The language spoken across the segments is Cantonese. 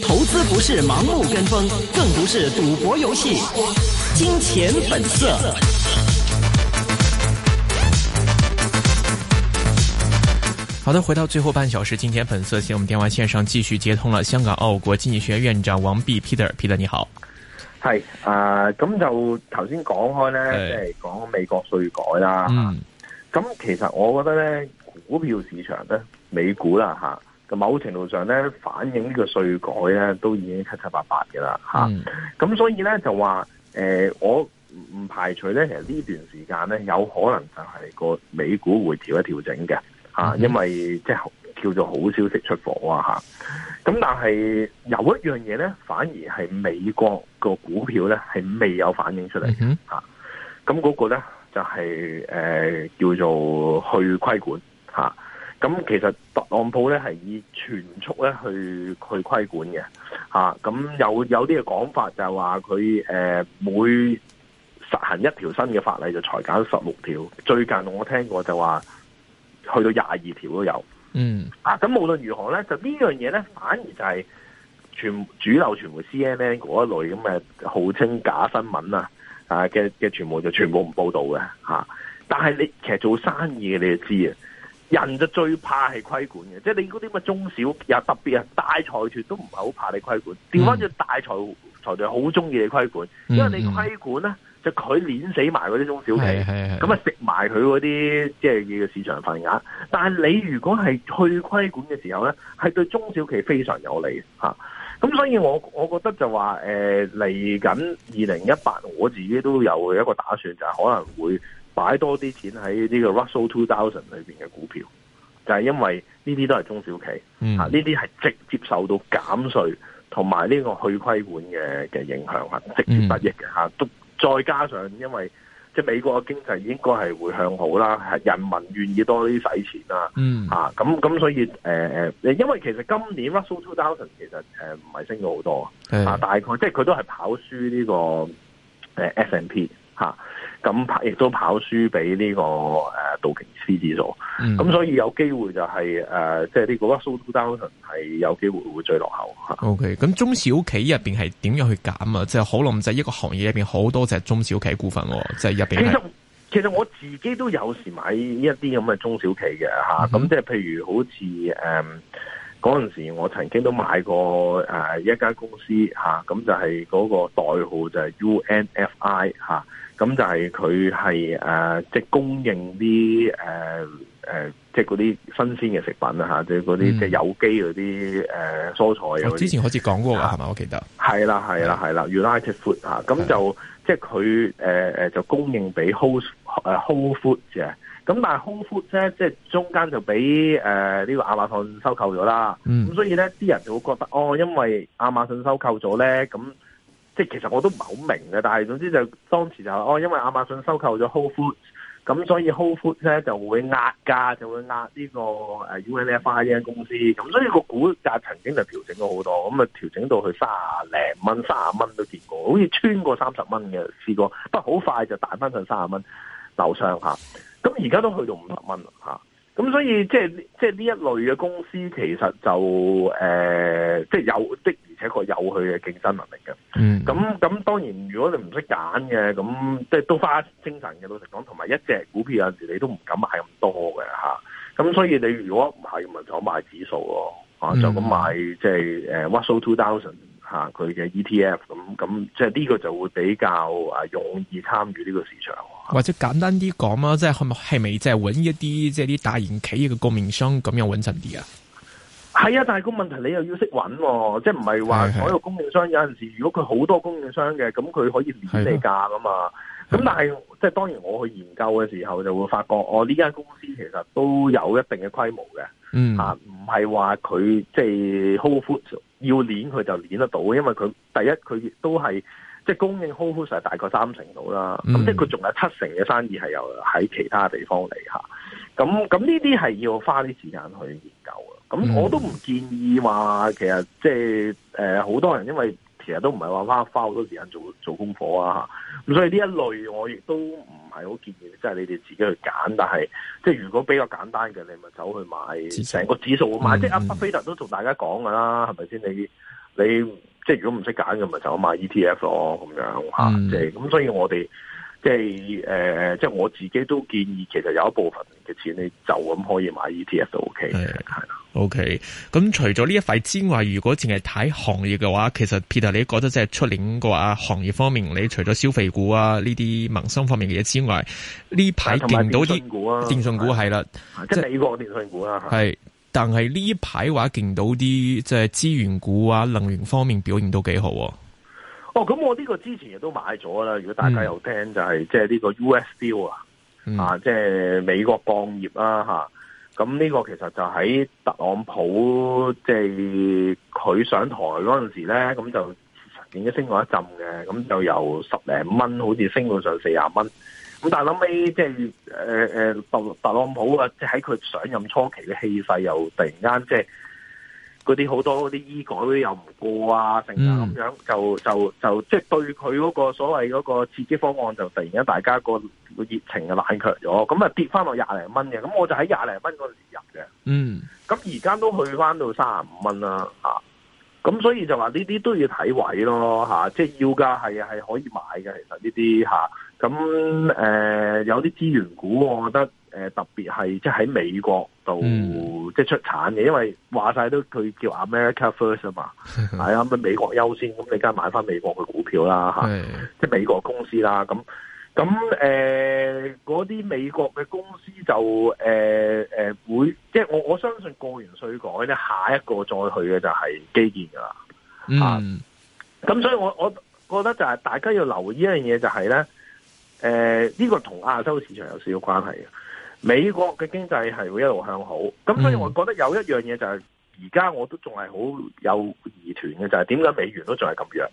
投資不是盲目跟風，更不是賭博遊戲。金錢本色。好的，回到最後半小時，金錢本色，先我們電話線上繼續接通了香港澳國經濟學院院長王弼 Peter，Peter 你好。係啊，咁就頭先講開呢，即係講美國稅改啦。嗯，咁其實我覺得呢股票市場咧，美股啦、啊、咁某程度上咧反映稅呢個稅改咧，都已經七七八八嘅啦，咁所以咧就話誒、呃，我唔排除咧，其實呢段時間咧有可能就係個美股會調一調整嘅，啊、因為即係叫做好消息出貨啊咁，啊、但係有一樣嘢咧，反而係美國個股票咧係未有反映出嚟嚇。咁嗰，mm hmm. 啊嗰個咧就係，是、誒、呃、叫做去規管。吓咁、啊、其實特朗普咧係以全速咧去去規管嘅吓咁有有啲嘅講法就係話佢誒每實行一條新嘅法例就裁減十六條最近我聽過就話去到廿二條都有嗯啊咁無論如何咧就呢樣嘢咧反而就係全主流傳媒 CNN 嗰一類咁嘅號稱假新聞啦啊嘅嘅傳媒就全部唔報道嘅吓但係你其實做生意嘅你就知啊。人就最怕係規管嘅，即係你嗰啲乜中小企，又特別係大財團都唔係好怕你規管。調返轉大財財團好中意你規管，嗯、因為你規管咧、嗯、就佢碾死埋嗰啲中小企，咁啊食埋佢嗰啲即係嘅市場份額。但係你如果係去規管嘅時候咧，係對中小企非常有利咁、啊、所以我我覺得就話誒嚟緊二零一八，呃、我自己都有一個打算，就係、是、可能會。擺多啲錢喺呢個 Russell Two Thousand 裏面嘅股票，就係、是、因為呢啲都係中小企，呢啲係直接受到減稅同埋呢個去規管嘅嘅影響啊，直接得益嘅都、嗯、再加上因為即係美國嘅經濟應該係會向好啦，人民願意多啲使錢啦，咁咁、嗯啊、所以、呃、因為其實今年 Russell Two Thousand 其實唔係升咗好多是的 啊，大概即係佢都係跑輸呢個 S&P、啊咁亦都跑輸俾呢、這個誒、啊、道瓊斯指數，咁、嗯、所以有機會就係、是、誒，即係呢個蘇丹頓係有機會會追落後 O K，咁中小企入面係點樣去揀啊？即係可能就係一個行業入面好多隻中小企股份，即係入邊。其實其實我自己都有時買一啲咁嘅中小企嘅，咁即係譬如好似誒嗰陣時，我曾經都買過誒、啊、一家公司咁、啊、就係、是、嗰個代號就係 U N F I、啊。咁就係佢係誒，即係供應啲誒誒，即係嗰啲新鮮嘅食品啊吓，即係嗰啲即係有機嗰啲誒蔬菜啊、哦。我之前好似講過啊，係咪？我記得係啦係啦係啦，United Food 吓，咁就的的即係佢誒誒，就供應俾 Whole 誒 Whole Food 嘅。咁但係 Whole Food 咧，即係中間就俾誒呢個亞馬遜收購咗啦。咁、嗯、所以咧，啲人就會覺得哦，因為亞馬遜收購咗咧，咁、嗯。即係其實我都唔係好明嘅，但係總之就當時就哦，因為亞馬遜收購咗 Whole Foods 咁所以 Whole Foods 咧就會壓價，就會壓呢、呢個誒 UNFI 呢間公司，咁所以個股價曾經就調整咗好多，咁啊調整到去卅零蚊、卅蚊都跌過，好似穿過三十蚊嘅試過，不過好快就彈翻上卅蚊樓上嚇，咁而家都去到五十蚊啦咁所以即係即係呢一類嘅公司，其實就誒、呃，即係有的而且確有佢嘅競爭能力嘅。嗯。咁咁當然，如果你唔識揀嘅，咁即係都花精神嘅。老實講，同埋一隻股票有時你都唔敢買咁多嘅，吓咁、啊、所以你如果唔係咪就買指數喎，啊，就咁買即係誒 Russell Two Thousand。呃吓佢嘅 ETF 咁咁，即係呢個就會比較啊容易參與呢個市場。或者簡單啲講啦，即係係咪係咪即係穩一啲，即係啲大型企業嘅供應商咁樣穩陣啲啊？係啊，但係個問題你又要識穩，啊，即係唔係話所有供應商有陣時如果佢好多供應商嘅，咁佢可以免你價噶嘛？咁的但係即係當然我去研究嘅時候就會發覺，哦呢間公司其實都有一定嘅規模嘅，嗯啊，唔係話佢即係 hold 要鏈佢就鏈得到，因為佢第一佢亦都係即係供應 house 係大概三成度啦，咁即係佢仲有七成嘅生意係由喺其他地方嚟，下咁咁呢啲係要花啲時間去研究啊，咁我都唔建議話其實即係呃好多人因為。其實都唔係話哇花好多時間做做功課啊嚇，咁所以呢一類我亦都唔係好建議，即係你哋自己去揀。但係即係如果比較簡單嘅，你咪走去買成個指數買。嗯、即係阿巴菲特都同大家講㗎啦，係咪先？你你即係如果唔識揀嘅，咪就去買 ETF 咯咁樣嚇。即係咁，所以我哋。.即係誒、呃，即係我自己都建議，其實有一部分嘅錢你就咁可以買 ETF 都是的 OK 係啦。O K，咁除咗呢一塊之外，如果淨係睇行業嘅話，其實 Peter，你覺得即係出年嘅話，行業方面，你除咗消費股啊呢啲民生方面嘅嘢之外，呢排勁到見啲電信股啊，電信股係啦，即係美國電信股啊。係，但係呢排話勁到見啲，即係資源股啊、能源方面表現都幾好，啊。哦，咁我呢個之前亦都買咗啦。如果大家有聽，嗯、就係即係呢個 US Steel、嗯、啊，啊，即係美國鋼業啦吓，咁呢個其實就喺特朗普即係佢上台嗰陣時咧，咁就曾經升過一陣嘅。咁就由十零蚊，好似升到上四十蚊。咁但係諗尾即係特特朗普啊，即係喺佢上任初期嘅氣勢又突然間即係。就是嗰啲好多嗰啲醫改又唔過啊，成日咁樣就就就即係對佢嗰個所謂嗰個刺激方案就突然間大家個個熱情就冷卻咗，咁啊跌翻落廿零蚊嘅，咁我就喺廿零蚊嗰度入嘅，嗯，咁而家都去翻到三十五蚊啦，嚇，咁所以就話呢啲都要睇位咯、啊，即係要價係係可以買嘅，其實呢啲嚇，咁、啊、誒、呃、有啲資源股，我覺得、呃、特別係即係喺美國。到、嗯、即係出產嘅，因為話晒都佢叫 America First 啊嘛，係 啊，咁美國優先，咁你梗係買翻美國嘅股票啦嚇， 即係美國公司啦，咁咁誒嗰啲美國嘅公司就誒誒、呃呃、會，即係我我相信過完稅改咧，下一個再去嘅就係基建噶啦，嚇、嗯。咁、啊、所以我我覺得就係大家要留意一樣嘢、就是，就係咧誒呢個同亞洲市場有少少關係嘅。美國嘅經濟係會一路向好，咁所以我覺得有一樣嘢就係，而家我都仲係好有疑團嘅就係，點解美元都仲係咁弱、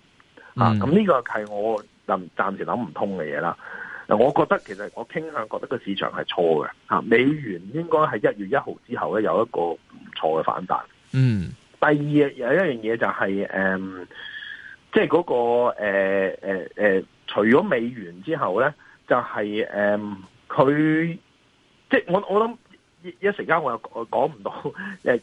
嗯、啊？咁呢個係我暫暫時諗唔通嘅嘢啦。嗱，我覺得其實我傾向覺得個市場係錯嘅，吓、啊、美元應該係一月一號之後咧有一個唔錯嘅反彈、嗯就是。嗯，第二有一樣嘢就係、是那個，誒、呃，即係嗰個誒誒誒，除咗美元之後咧，就係誒佢。呃即係我我諗一一時間我又我講唔到誒，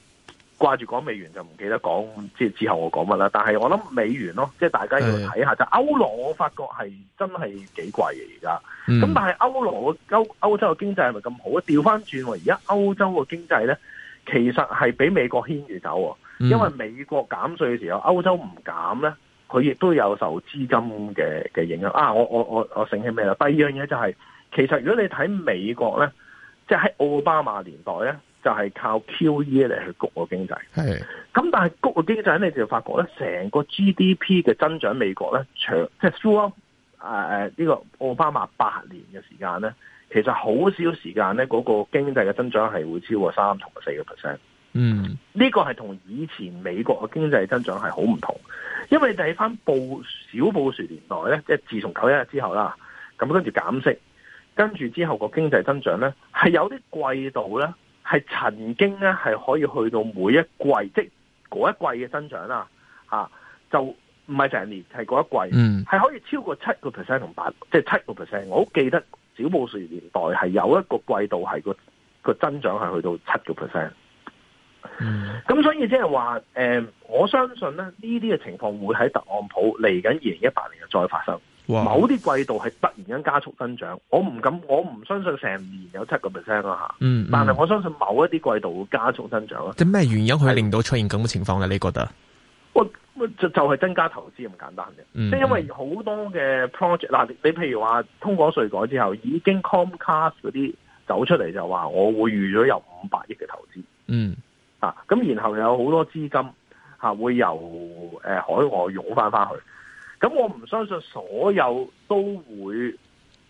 掛住講美元就唔記得講，即係之後我講乜啦，但係我諗美元咯，即係大家要睇下就歐羅，是的，歐羅我發覺係真係幾貴嘅，而家。咁、嗯、但係歐羅歐歐洲嘅經濟係咪咁好啊？調翻轉喎，而家歐洲嘅經濟咧，其實係俾美國牽住走，因為美國減稅嘅時候，歐洲唔減咧，佢亦都有受資金嘅嘅影響。啊，我我我我醒起咩啦？第二樣嘢就係、是，其實如果你睇美國咧。即係喺奧巴馬年代咧，就係、是、靠 QE 嚟去谷個經濟。係咁的，但係谷個經濟咧，你就發覺咧，成個 GDP 嘅增長美國咧，長即係 through 啊誒誒呢個奧巴馬八年嘅時間咧，其實好少時間咧，嗰、那個經濟嘅增長係會超過三同四個 percent。嗯，呢個係同以前美國嘅經濟增長係好唔同，因為你睇返布小布殊年代咧，即係自從九一一之後啦，咁跟住減息。跟住之後個經濟增長咧，係有啲季度咧，係曾經咧，係可以去到每一季，即嗰一季嘅增長啦、啊，嚇就唔係成年，係嗰一季，係可以超過七個 percent 同八，即七個 percent。我好記得小布殊年代係有一個季度係個、嗰個增長係去到七個 percent。咁所以即係話誒，我相信咧呢啲嘅情況會喺特朗普嚟緊二零一八年又再發生。某啲季度係突然間加速增長，我唔敢，我唔相信成年有七個 percent 啦吓。嗯。但係我相信某一啲季度會加速增長咯。即係咩原因佢係令到出現咁嘅情況咧？是你覺得？我就係、是、係增加投資咁簡單嘅。嗯。即係因為好多嘅 project，嗱，你譬如話通過稅改之後，已經 Comcast 嗰啲走出嚟就話我會預咗有五百億嘅投資。嗯。咁然後有好多資金吓會由誒海外湧翻翻去。咁我唔相信所有都會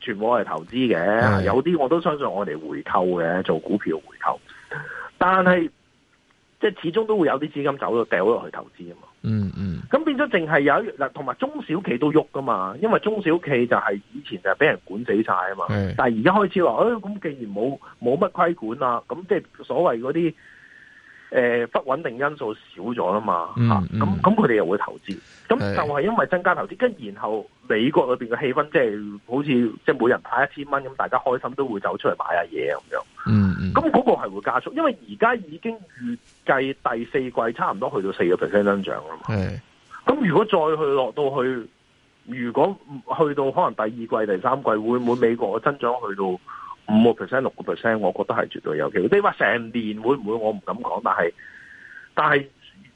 全部係投資嘅，的有啲我都相信我哋回購嘅，做股票回購。但係即係始終都會有啲資金走咗，掉咗落去投資啊嘛。嗯嗯。咁變咗淨係有嗱，同埋中小企都喐噶嘛因為中小企就係以前就係俾人管死晒啊嘛。的但係而家開始話，誒、哎，咁既然冇冇乜規管啦、啊，咁即係所謂嗰啲。誒、呃，不穩定因素少咗吖嘛，吓，咁咁佢哋又會投資，咁就係因為增加投資，跟然後美國裏邊嘅氣氛，就是，即係好似即係每人派一千蚊，咁大家開心都會走出嚟買下嘢咁樣。嗯嗯，咁，嗯，嗰個係會加速，因為而家已經預計第四季差唔多去到四個 percent 增長啦嘛。係、嗯，咁如果再去落到去，如果去到可能第二季、第三季會唔會美國嘅增長去到？五個 percent、六個 percent，我覺得係絕對有機會。你話成年會唔會？我唔敢講，但係，但係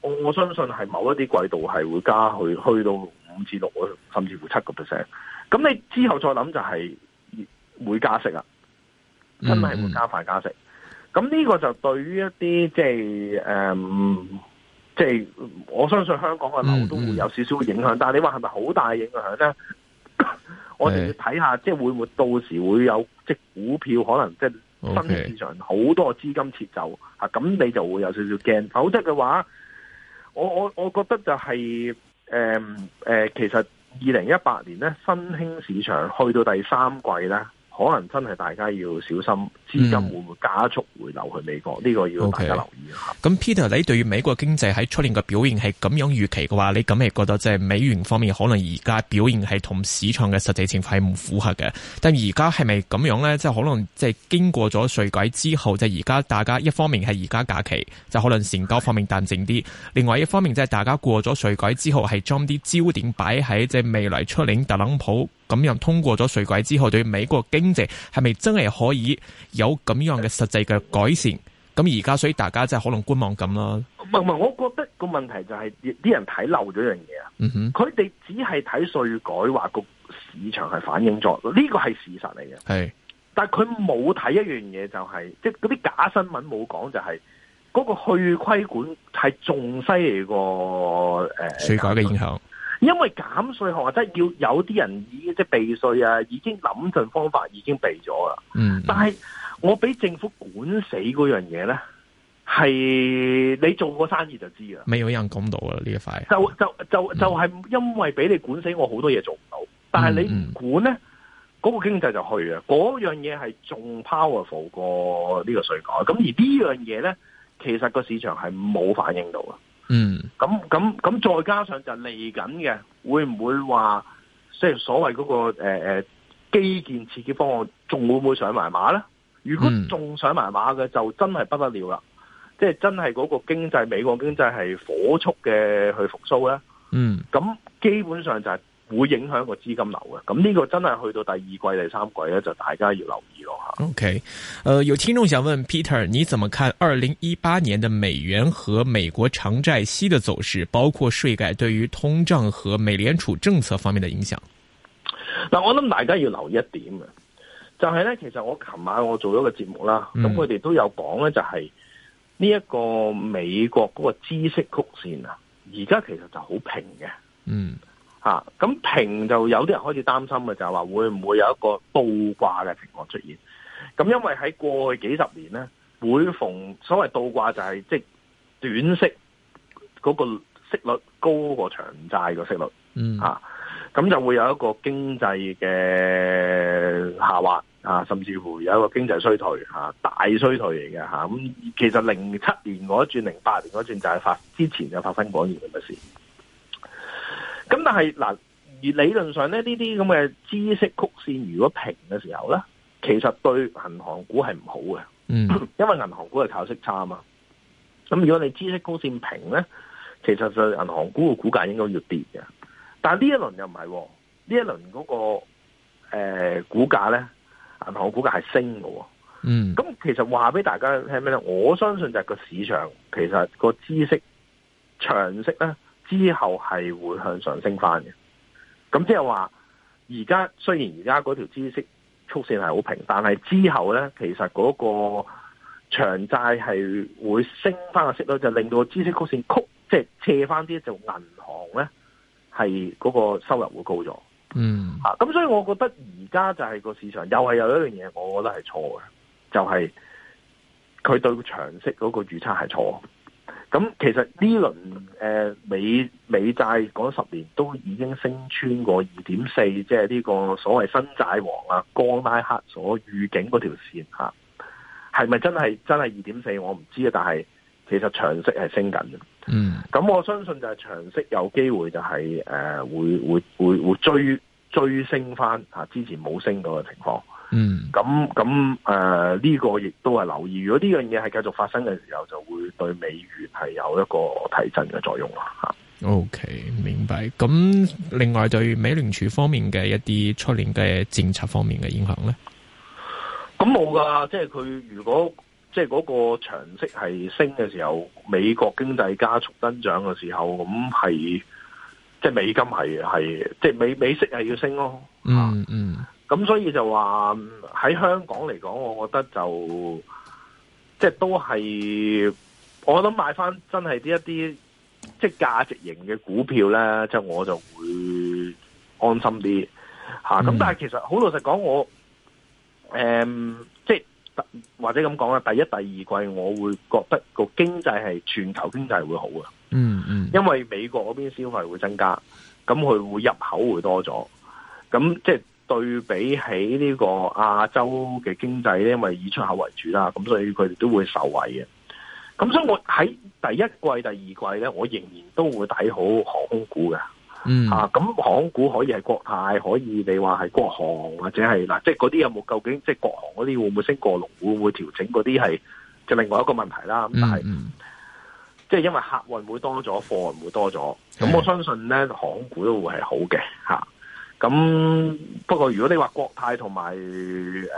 我相信係某一啲季度係會加去，去到五至六，6，甚至乎七個 percent。咁你之後再諗就係會加息啊，真係會加快加息。咁呢、嗯嗯、個就對於一啲即係誒，即係、嗯、我相信香港嘅樓都會有少少影響，嗯嗯但係你話係咪好大影響咧？ 我哋要睇下，即係會唔會到時會有即係股票，可能即係新興市場好多資金撤走吓，咁 Okay. 你就會有少少驚，否則嘅話，我我我覺得就係誒誒其實二零一八年咧，新興市場去到第三季咧。可能真係大家要小心，資金會唔會加速回流去美國？呢、嗯、個要大家留意吓，咁 Okay. Peter，你對於美國經濟喺出年嘅表現係咁樣預期嘅話，你咁係覺得即係美元方面可能而家表現係同市場嘅實際情況係唔符合嘅？但而家係咪咁樣咧？即、就、係、是、可能即係經過咗稅改之後，即係而家大家一方面係而家假期，就可能成交方面淡靜啲；另外一方面即係大家過咗稅改之後，係將啲焦點擺喺即係未來出年特朗普。咁樣通過咗稅改之後，對美國經濟係咪真係可以有咁樣嘅實際嘅改善？咁而家所以大家真係可能觀望咁囉。唔唔，我覺得個問題就係、是、啲人睇漏咗樣嘢啊。嗯、哼，佢哋只係睇稅改話個市場係反映咗，呢、這個係事實嚟嘅。係的，但係佢冇睇一樣嘢、就是，就係即係嗰啲假新聞冇講、就是，就係嗰個去規管係仲犀利過誒稅改嘅影響。因為減稅項或者要有啲人以即係避稅啊，已經諗盡方法已經避咗啦。嗯，但係我俾政府管死嗰樣嘢咧，係你做過生意就知啦。未有人講到啊呢一塊。就就就，嗯、就係因為俾你管死，我好多嘢做唔到。但係你唔管咧，嗰，嗯，個經濟就去啊。嗰樣嘢係仲 powerful 過呢個稅改。咁，嗯、而呢樣嘢咧，其實個市場係冇反應到啊。嗯，咁咁咁再加上就嚟緊嘅，會唔會話即係所謂嗰個誒誒基建刺激方案仲會唔會上埋馬咧？如果仲上埋馬嘅，就真係不得了啦！即係真係嗰個經濟，美國經濟係火速嘅去復甦咧。嗯，咁基本上就係。會影響個資金流嘅，咁、這、呢個真係去到第二季、第三季咧，就大家要留意咯吓。OK，誒、呃，有聽眾想問 Peter，你怎麼看二零一八年的美元和美國長債息的走勢，包括稅改對於通脹和美聯儲政策方面的影響？嗱，我諗大家要留意一點啊，就係、是、咧，其實我琴晚我做咗個節目啦，咁佢哋都有講咧、就是，就係呢一個美國嗰個孳息曲線啊，而家其實就好平嘅，嗯。吓，咁、啊、平就有啲人開始擔心嘅，就係話會唔會有一個倒掛嘅情況出現？咁因為喺過去幾十年咧，每逢所謂倒掛就係即係短息嗰個息率高過長債個息率，嗯啊，咁就會有一個經濟嘅下滑啊，甚至乎有一個經濟衰退吓、啊，大衰退嚟嘅吓。咁、啊、其實零七年嗰轉零八年嗰轉就係發之前就發生嗰樣嘅事。係嗱，而理論上咧，呢啲咁嘅孳息曲線如果平嘅時候咧，其實對銀行股係唔好嘅，嗯，mm. 因為銀行股係靠息差啊嘛。咁如果你孳息曲線平咧，其實就銀行股嘅股價應該要跌嘅。但係，那個呃、呢一輪又唔係，呢一輪嗰個誒股價咧，銀行股價係升嘅，嗯。咁其實話俾大家聽咩咧？我相信就係個市場其實個孳息長息咧。之後係會向上升返嘅，咁即係話，而家雖然而家嗰條知識曲線係好平，但係之後呢，其實嗰個長債係會升返個息率，就令到個知識曲線曲，即係斜返啲，就銀行呢係嗰個收入會高咗。咁、mm. 啊、所以我覺得而家就係個市場又係有一樣嘢，我覺得係錯嘅，就係、是、佢對長息嗰個預測係錯。咁其實呢輪，誒，美美債嗰十年都已經升穿過二點四，即係呢個所謂新債王啊，岡拉克所預警嗰條線吓，係咪真係真係二點四我唔知啊，但係其實長息係升緊嘅。嗯，咁我相信就係長息有機會就係、是、誒、呃、會會會會追追升翻吓，之前冇升到嘅情況。嗯，咁咁誒，呢、呃呢個亦都係留意。如果呢樣嘢係繼續發生嘅時候，就會對美元係有一個提振嘅作用啦。OK，明白。咁另外對美聯儲方面嘅一啲出年嘅政策方面嘅影響咧，咁冇噶，即係佢如果即係嗰個長息係升嘅時候，美國經濟加速增長嘅時候，咁係即係美金係係即係美美息係要升咯。嗯嗯。咁所以就話喺香港嚟講，我覺得就即係都係，我諗買翻真係啲一啲即係價值型嘅股票咧，即係我就會安心啲吓。咁、嗯啊、但係其實好老實講，我誒、嗯、即係或者咁講啦，第一、第二季我會覺得個經濟係全球經濟會好啊。嗯嗯，因為美國嗰邊消費會增加，咁佢會入口會多咗，咁即係。對比起呢個亞洲嘅經濟咧，因為以出口為主啦，咁所以佢哋都會受惠嘅。咁所以我喺第一季、第二季咧，我仍然都會睇好航空股嘅。吓咁航空股可以係國泰，可以你話係國航或者係嗱，即係嗰啲有冇？究竟即係國航嗰啲會唔會升過龍？會唔會調整？嗰啲係就另外一個問題啦。咁但係、嗯嗯、即係因為客運會多咗，貨運會多咗，咁我相信咧，航空股都會係好嘅吓。咁不過如果你話國泰同埋誒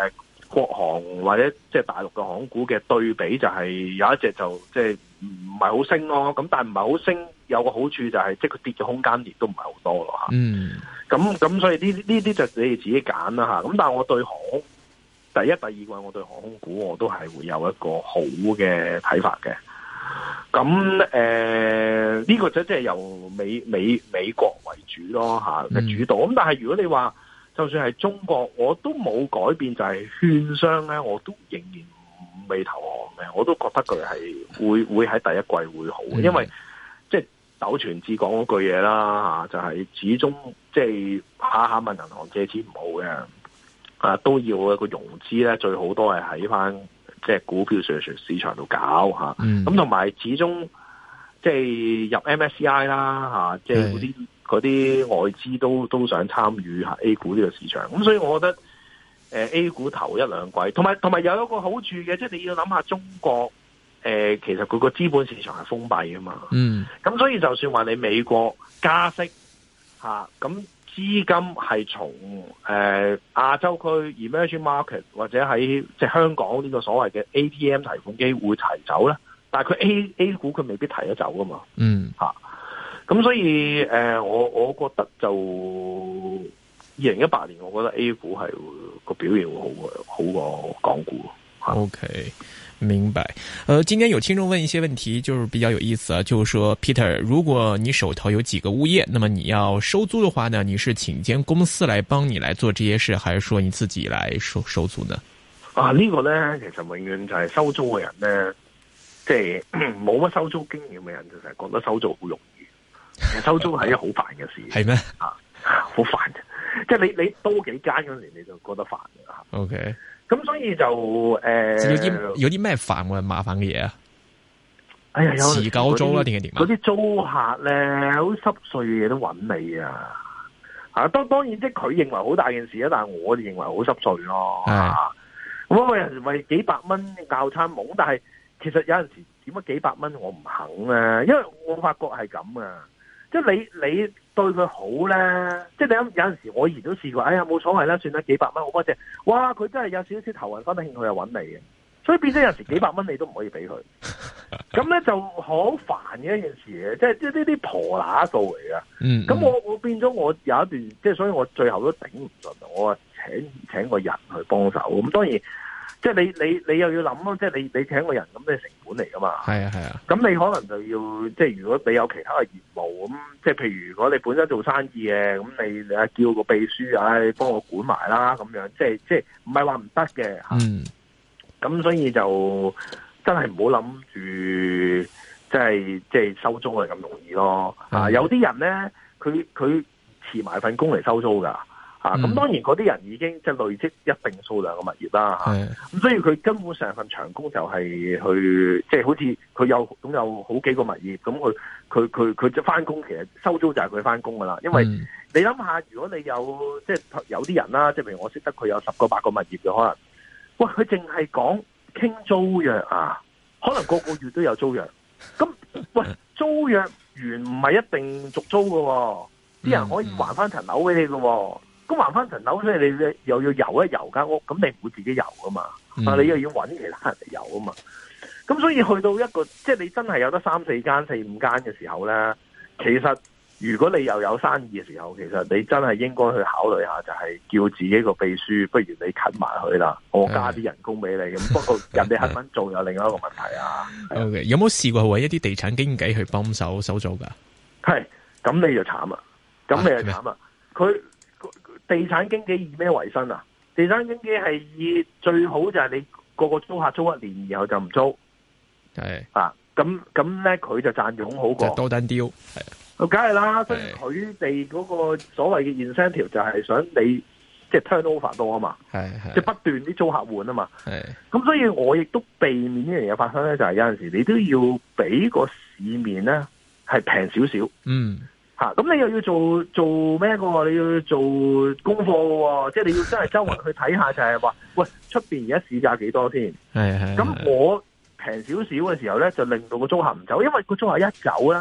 國航或者即係大陸嘅航空股嘅對比，就是就，就係有一隻就即係唔係好升咯。咁但係唔係好升，有個好處就係即係佢跌嘅空間亦都唔係好多咯吓。嗯，咁咁所以呢呢啲就你哋自己揀啦吓。咁但係我對航空第一、第二季我對航空股我都係會有一個好嘅睇法嘅。咁誒，呢、呃這個就即係由美美美國為主咯吓，主導。咁但係如果你話，就算係中國，我都冇改變，就係券商咧，我都仍然未投降嘅。我都覺得佢係會會喺第一季會好，嗯、因為即係柳傳志講嗰句嘢啦吓，就係、是、始終即係下下問銀行借錢唔好嘅，啊都要一個融資咧，最好都係喺翻。即係股票上市場度搞嚇，咁同埋始終即係入 MSCI 啦，嚇，即係嗰啲嗰啲外資都都想參與下 A 股呢個市場，咁所以我覺得、呃、A 股頭一兩季，同埋同埋又有一個好處嘅，即係你要諗下中國、呃、其實佢個資本市場係封閉嘅嘛，咁、嗯、所以就算話你美國加息嚇，咁。啊資金係從誒、呃、亞洲區 emerging market 或者喺即香港呢個所謂嘅 ATM 提款機會提走咧，但係佢 A A 股佢未必提得走噶嘛，嗯咁、啊、所以誒、呃，我我覺得就二零一八年，我覺得 A 股係、個表現會好過好過港股。O、okay, K，明白。呃，今天有聽眾問一些問題，就是比較有意思啊。就是說，Peter，如果你手頭有幾個物業，那麼你要收租的話呢，你是請間公司來幫你來做這些事，還是說你自己來收收租呢？啊，呢、這個呢，其實永遠就係收租嘅人呢，即係冇乜收租經驗嘅人就係覺得收租好容易。收租係一個好煩嘅事，係咩？啊，好嗎、啊、煩的。即係你你多幾間嗰陣時你就覺得煩的。OK。咁所以就誒、呃、有啲有啲咩煩嘅麻煩嘅嘢啊！哎呀，有時久租啦、啊，點點點嗰啲租客咧，好濕碎嘅嘢都揾你啊！嚇、啊，當然即佢認為好大件事啦，但係我哋認為好濕碎咯。啊，咁我人為幾百蚊教餐懵，但係其實有陣時點解幾百蚊我唔肯咧、啊？因為我發覺係咁啊！即你你對佢好咧，即你有有陣時我而都試過，哎呀冇所謂啦，算啦幾百蚊，好多謝。哇，佢真係有少少頭暈分，分得興趣又揾你嘅，所以變咗有陣時幾百蚊你都唔可以俾佢。咁咧就好煩嘅一件事嘅，即即呢啲婆乸數嚟㗎。咁我、嗯嗯、我變咗我有一段，即所以我最後都頂唔順，我話請請個人去幫手。咁當然。即係你你你又要諗咯，即係你你請個人咁嘅成本嚟噶嘛？係啊係啊。咁、啊、你可能就要，即係如果你有其他嘅業務咁，即係譬如如果你本身做生意嘅，咁你誒叫個秘書，你幫我管埋啦，咁樣即係即係唔係話唔得嘅吓。咁、嗯、所以就真係唔好諗住即係即係收租係咁容易咯。啊，嗯、有啲人咧，佢佢辭埋份工嚟收租噶。咁、啊、當然嗰啲人已經即係累積一定數量嘅物業啦，咁、嗯、所以佢根本成份長工就係去即係好似佢有總有好幾個物業，咁佢佢佢佢翻工，其實收租就係佢翻工噶啦。因為你諗下，如果你有即係有啲人啦，即係譬如我識得佢有十個八個物業嘅可能，喂，佢淨係講傾租約啊，可能個個月都有租約。咁喂，租約完唔係一定續租喎，啲人可以還翻層樓俾你嘅。嗯嗯啊咁還翻層樓，所以你又要游一游間屋，咁你唔會自己游噶嘛？嗯、啊，你又要揾其他人嚟游啊嘛？咁所以去到一個即係你真係有得三四間、四五間嘅時候咧，其實如果你又有生意嘅時候，其實你真係應該去考慮下，就係叫自己個秘書，不如你近埋去啦，我加啲人工俾你。咁的不過人哋肯唔肯做有另外一個問題啊。 的 okay, 有冇試過為一啲地產經紀去幫手收租噶？係，咁你就慘啦，咁你就慘啦，佢、啊。地產經紀以咩為生啊？地產經紀係以最好就係你個個租客租一年，然後就唔租。係的啊，咁咁咧佢就賺佣好過。就多單丟係咁梗係啦。的所以佢哋嗰個所謂嘅 incentive 就係想你即係 turn over 多啊嘛，係係即係不斷啲租客換啊嘛。係咁的，所以我亦都避免呢樣嘢發生咧，就係有陣時你都要俾個市面咧係平少少。嗯。吓，咁、啊、你又要做做咩嘅？你要做功課嘅、哦，即係你要真係周圍去睇下， 就係話，喂，出邊而家市價幾多先？係係的。咁我平少少嘅時候咧，就令到個租客唔走，因為個租客一走咧，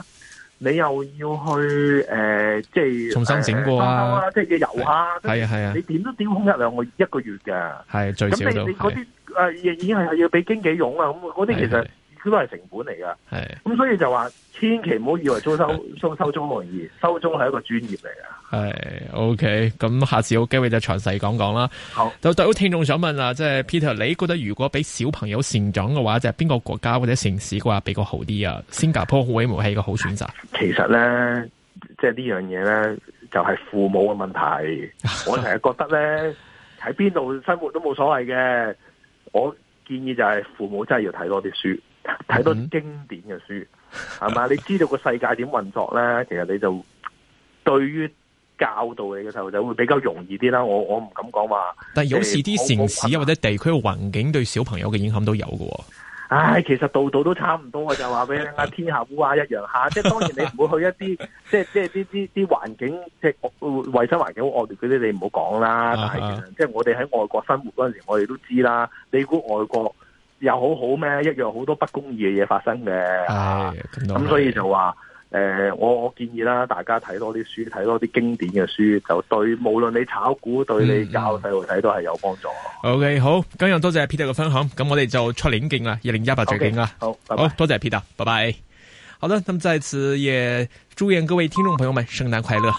你又要去誒、呃，即係重新整過啊，即係嘅遊油啊，係啊係啊，你點都點空一兩個一個月嘅，係最少。咁你你嗰啲誒，已經係要俾經紀佣啊，咁嗰啲其實。都係成本嚟噶，係咁是所以就話，千祈唔好以為裝修、裝修鐘容易，收中係一個專業嚟噶。係，OK，咁下次有機會就詳細講講啦。好，就對好聽眾想問啦，即係 Peter，你覺得如果俾小朋友成長嘅話，即係邊個國家或者城市嘅話比較好啲啊？新加坡好，無疑係一個好選擇。其實咧，即係呢樣嘢咧，就係父母嘅問題。 我係覺得咧，喺邊度生活都冇所謂嘅。我建議就係父母真係要睇多啲書。睇到經典嘅書，係嘛、嗯？你知道個世界點運作咧？ 其實你就對於教導你嘅細路仔會比較容易啲啦。我我唔敢講話。但係有時啲城市或者地區環境對小朋友嘅影響都有嘅、哦。唉、哎，其實度度都差唔多，我就話俾你聽啊，天下烏鴉、啊、一樣吓。 即係當然你唔會去一啲 即係即係啲啲啲環境即係衛生環境好惡劣嗰啲，你唔好講啦。 但係其實， 即係我哋喺外國生活嗰陣時，我哋都知啦。你估外國？又好好咩？一樣好多不公義嘅嘢發生嘅，咁、哎、所以就話、呃、我我建議啦，大家睇多啲書，睇多啲經典嘅書，就對無論你炒股對你教細路仔都係有幫助。嗯、OK，好，今日多謝 Peter 嘅分享，咁我哋就出年勁啦，二零一八最勁啊，okay, 好，拜拜，好多謝 Peter，拜拜。好啦，咁麼在此也祝願各位聽眾朋友們聖誕快樂。